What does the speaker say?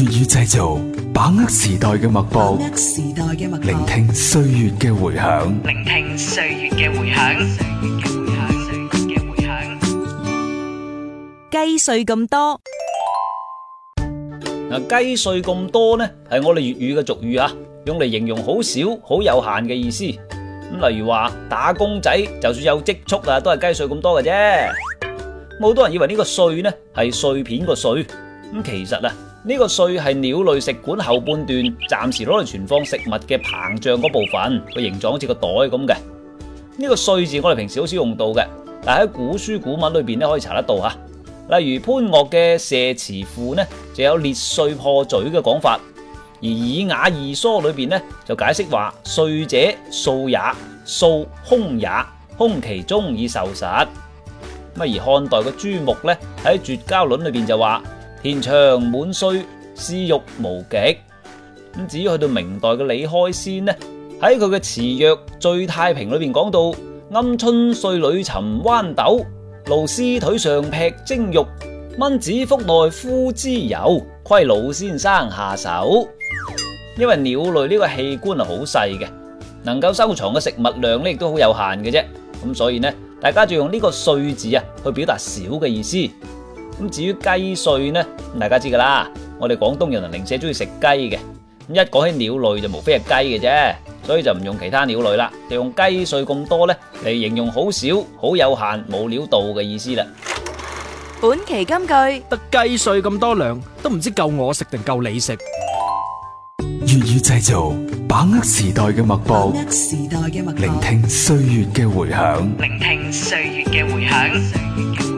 粵語製造，把握時代嘅脈搏，聆聽歲月嘅回響。聆聽歲月嘅回響。歲月嘅回響，歲月嘅回響。雞膆咁多，嗱雞膆咁多咧，係我哋粵語嘅俗語啊，用嚟形容好少好有限嘅意思。咁例如話打工仔，就算有積蓄啊，都係雞膆咁多嘅啫。好多人以為呢個膆咧係碎片個碎，咁其實啊。呢、這個膆係鳥類食管後半段，暫時攞嚟存放食物嘅膨脹嗰部分，個形狀好似個袋咁嘅。呢、這個膆字我哋平時好少用到嘅，但喺古書古文裏邊呢可以查得到吓。例如潘岳嘅《射雉賦》呢就有裂膆破嘴嘅講法，而《爾雅義疏》裏邊呢就解釋話：嗉者，素也，素空也，空其中以受實。咁而漢代嘅朱穆呢」呢喺《絕交論》裏邊就話。填腸滿嗉，嗜欲無極。咁至於去到明代嘅李開先呢，喺佢嘅詞謔《醉太平》裏邊講到：鵪鶉嗉裏尋豌豆，鷺鷥腿上劈精肉，蚊子腹內刳脂油，虧老先生下手。因為鳥類呢個器官係好細嘅，能夠收藏嘅食物量呢亦都好有限嘅啫。咁所以呢，大家就用呢個膆字啊去表達少嘅意思。咁至於雞膆呢，大家知噶啦，我哋廣東人啊，零舍中意食雞嘅，咁一講起鳥類就無非係雞嘅啫，所以就唔用其他鳥類啦，就用雞膆咁多呢嚟形容好少、好有限、冇料到嘅意思啦。本期金句，得雞膆咁多糧，都唔知夠我食定夠你食。粵語製造，把握時代嘅脈搏，聆聽歲月嘅回響。